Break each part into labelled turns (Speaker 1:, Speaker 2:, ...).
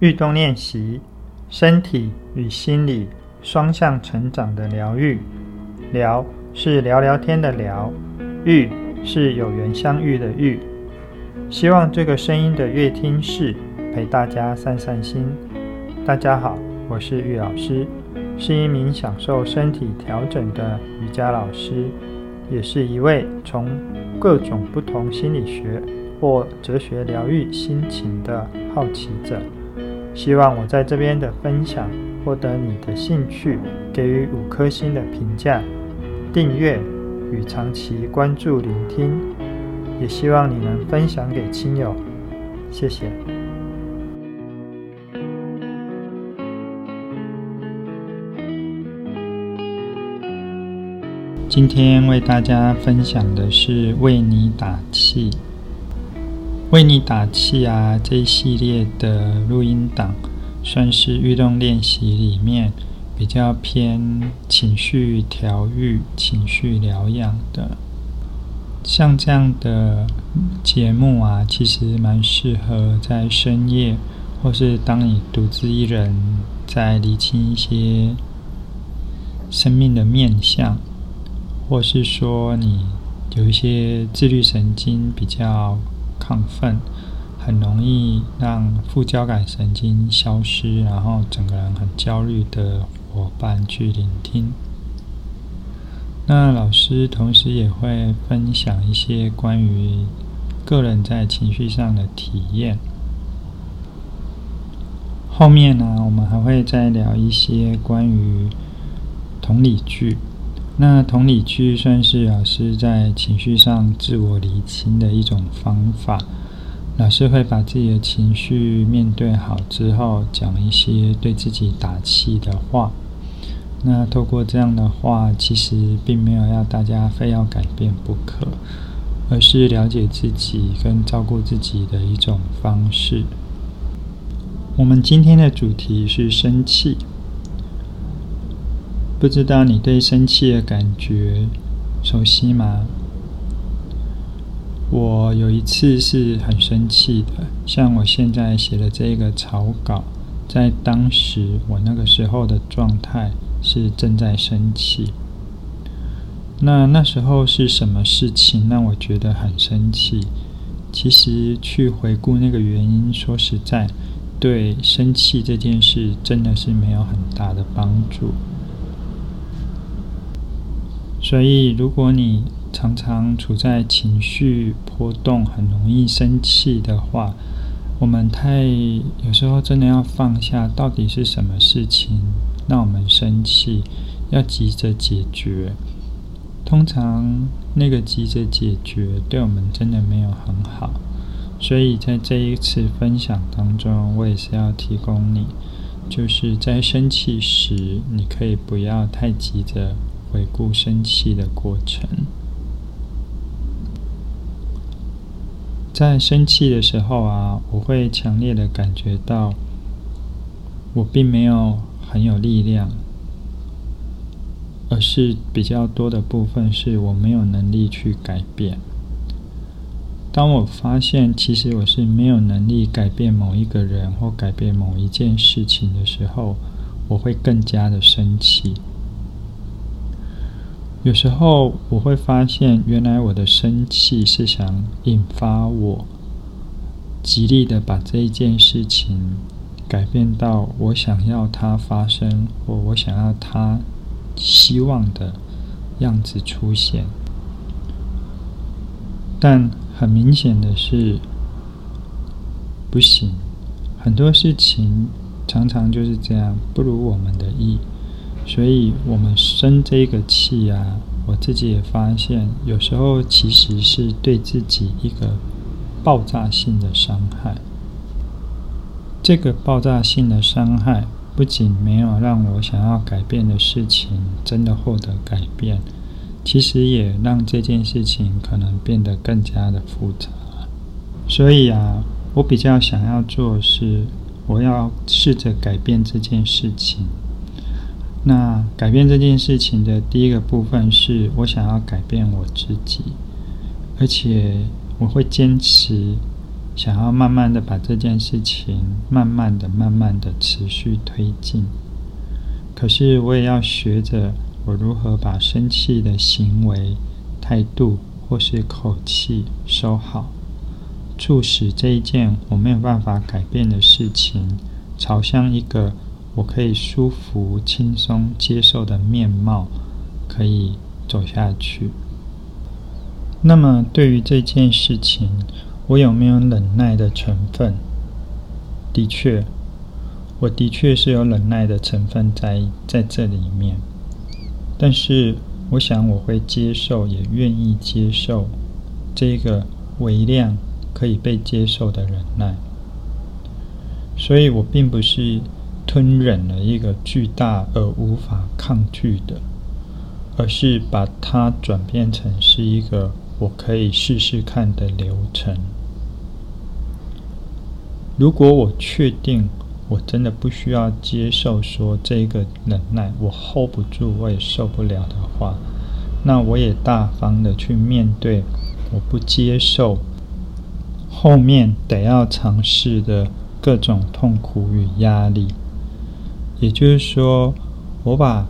Speaker 1: 愈動練習，身體與心理雙向成長的療癒。聊是聊聊天的聊，遇是有緣相遇的遇。希望這個聲音的樂聽室陪大家散散心。大家好，我是玉老師，是一名享受身體調整的瑜伽老師，也是一位從各種不同心理學或哲學療癒心情的好奇者。希望我在這邊的分享獲得你的興趣，給予五顆星的評價、訂閱與長期關注聆聽，也希望你能分享給親友，謝謝。今天為大家分享的是為你打氣。為你打氣啊！這一系列的錄音檔算是運動練習裡面比較偏情緒調育、情緒療養的。像這樣的節目啊，其實蠻適合在深夜，或是當你獨自一人，在釐清一些生命的面向，或是說你有一些自律神經比較。亢奮，很容易讓副交感神經消失，然後整個人很焦慮的夥伴去聆聽。那老師同時也會分享一些關於個人在情緒上的體驗。後面呢，我們還會再聊一些關於同理句。那同理區算是老師在情緒上自我理清的一種方法，老師會把自己的情緒面對好之後，講一些對自己打氣的話。那透過這樣的話，其實並沒有要大家非要改變不可，而是了解自己跟照顧自己的一種方式。我們今天的主題是生氣。不知道你對生氣的感覺熟悉嗎？我有一次是很生氣的，像我現在寫的這個草稿，在當時我那個時候的狀態是正在生氣。那那時候是什麼事情讓我覺得很生氣？其實去回顧那個原因，說實在，對生氣這件事真的是沒有很大的幫助。所以，如果你常常處在情緒波動，很容易生氣的話，我們太有時候真的要放下，到底是什麼事情讓我們生氣，要急着解決。通常那個急着解決，對我們真的沒有很好。所以，在這一次分享當中，我也是要提供你，就是在生氣時，你可以不要太急着。回顧生氣的過程，在生氣的時候啊，我會強烈的感覺到，我並沒有很有力量，而是比較多的部分是我沒有能力去改變。當我發現其實我是沒有能力改變某一個人或改變某一件事情的時候，我會更加的生氣。有時候我會發現，原來我的生氣是想引發我極力的把這一件事情改變到我想要它發生，或我想要它希望的樣子出現。但很明顯的是，不行。很多事情常常就是這樣，不如我們的意。所以，我們生這個氣啊，我自己也發現，有時候其實是對自己一個爆炸性的傷害。這個爆炸性的傷害，不僅沒有讓我想要改變的事情真的獲得改變，其實也讓這件事情可能變得更加的複雜。所以啊，我比較想要做的是，我要試着改變這件事情。那改變這件事情的第一個部分是，我想要改變我自己，而且我會堅持，想要慢慢的把這件事情慢慢的、慢慢的持續推進。可是我也要學着我如何把生氣的行為、態度或是口氣收好，促使這一件我沒有辦法改變的事情朝向一個。我可以舒服、輕鬆接受的面貌，可以走下去。那麼，對於這件事情，我有沒有忍耐的成分？的確，我的確是有忍耐的成分在在這裡面。但是，我想我會接受，也願意接受這個微量可以被接受的忍耐。所以，我並不是。吞忍了一個巨大而無法抗拒的，而是把它轉變成是一個我可以試試看的流程。如果我確定我真的不需要接受說這個忍耐，我 hold 不住，我也受不了的話，那我也大方的去面對，我不接受後面得要嘗試的各種痛苦與壓力。也就是說，我把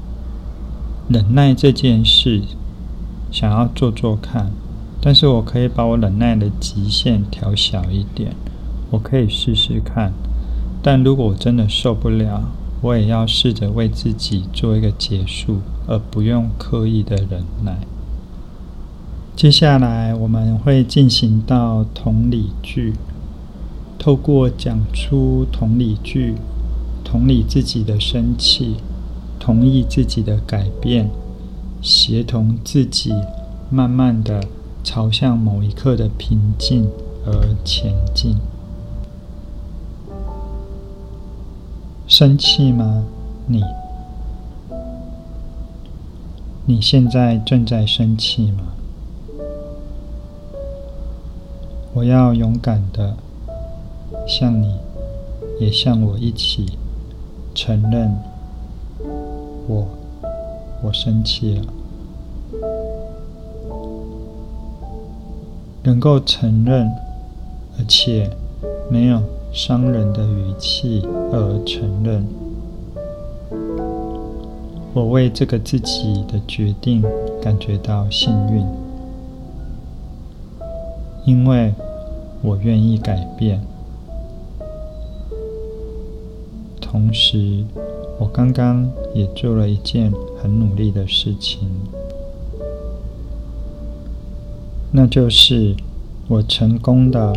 Speaker 1: 忍耐這件事想要做做看，但是我可以把我忍耐的極限調小一點，我可以試試看。但如果我真的受不了，我也要試着為自己做一個結束，而不用刻意的忍耐。接下來我們會進行到同理句，透過講出同理句。同理自己的生氣，同意自己的改變，協同自己慢慢的朝向某一刻的平靜而前進。生氣嗎？你？你現在正在生氣嗎？我要勇敢的，向你，也向我一起。承認我，我生氣了。能夠承認，而且沒有傷人的語氣而承認，我為這個自己的決定感覺到幸運，因為我願意改變。同時，我剛剛也做了一件很努力的事情，那就是我成功的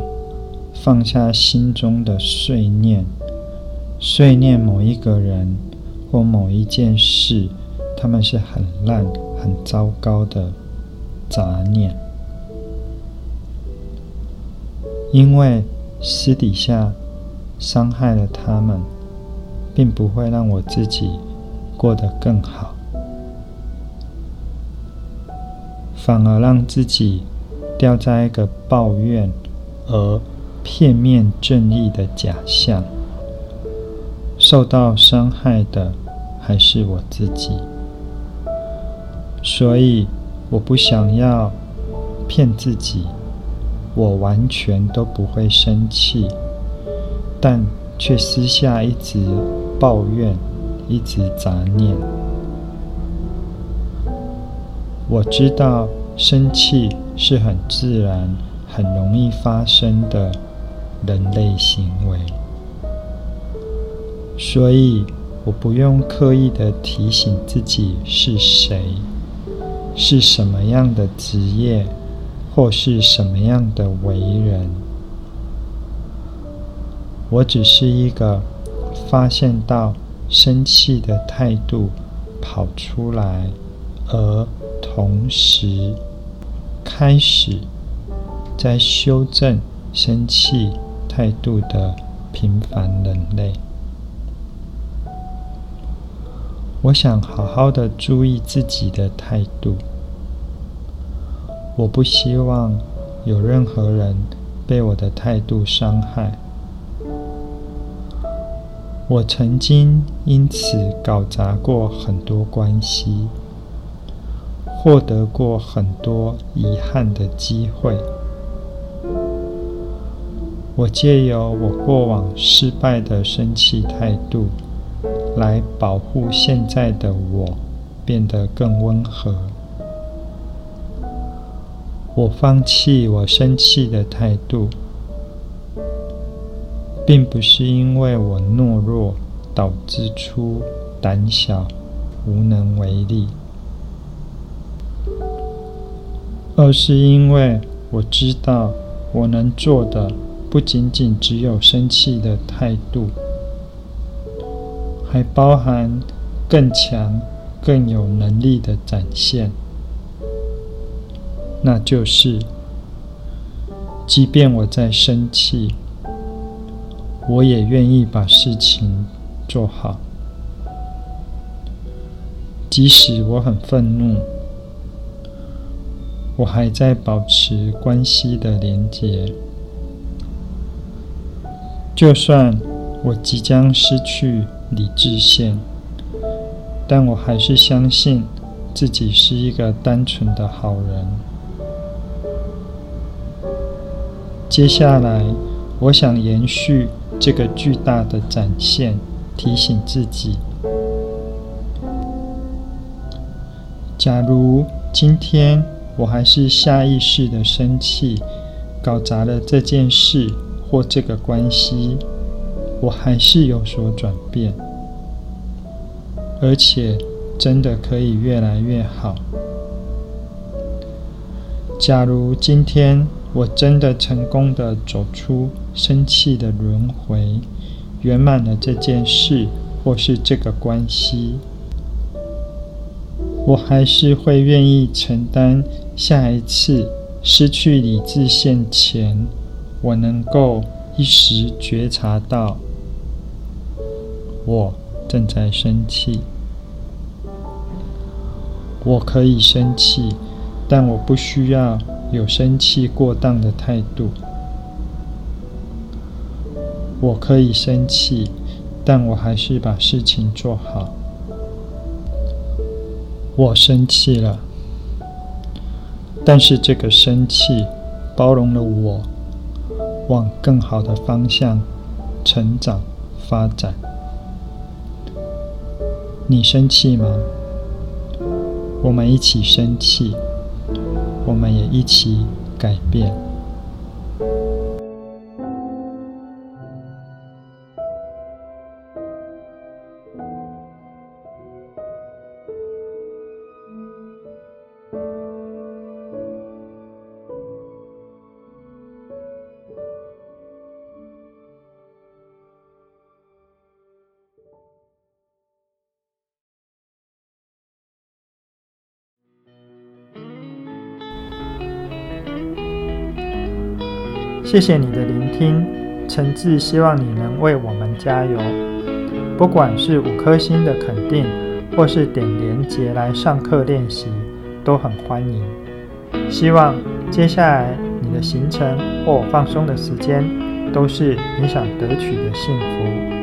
Speaker 1: 放下心中的碎念。碎念某一個人或某一件事，他們是很爛、很糟糕的雜念，因為私底下傷害了他們。並不會讓我自己過得更好，反而讓自己掉在一個抱怨而片面正義的假象。受到傷害的還是我自己，所以我不想要騙自己，我完全都不會生氣，但卻私下一直。抱怨，一直雜念。我知道生氣是很自然、很容易發生的人類行為，所以我不用刻意的提醒自己是誰，是什麼樣的職業，或是什麼樣的為人。我只是一個。發現到生氣的態度跑出來，而同時開始在修正生氣態度的平凡人類。我想好好的注意自己的態度，我不希望有任何人被我的態度傷害。我曾經因此搞砸過很多關係，獲得過很多遺憾的機會。我借由我過往失敗的生氣態度，來保護現在的我變得更溫和。我放棄我生氣的態度。並不是因為我懦弱，導致出膽小、無能為力，而是因為我知道我能做的不僅僅只有生氣的態度，還包含更強、更有能力的展現。那就是，即便我在生氣。我也願意把事情做好，即使我很憤怒，我還在保持關係的連結。就算我即將失去理智線，但我還是相信自己是一個單純的好人。接下來，我想延續。這個巨大的展現，提醒自己，假如今天我還是下意識的生氣，搞砸了這件事或這個關係，我還是有所轉變，而且真的可以越來越好。假如今天我真的成功的走出。生氣的輪回圓滿了這件事，或是這個關係，我還是會願意承擔下一次失去理智線前，我能夠一時覺察到我正在生氣，我可以生氣，但我不需要有生氣過當的態度。我可以生氣，但我還是把事情做好。我生氣了，但是這個生氣包容了我，往更好的方向成長發展。你生氣嗎？我們一起生氣，我們也一起改變。謝謝你的聆聽，誠摯希望你能為我們加油。不管是五顆星的肯定，或是點連結來上課練習，都很歡迎。希望接下來你的行程或放鬆的時間，都是你想得取的幸福。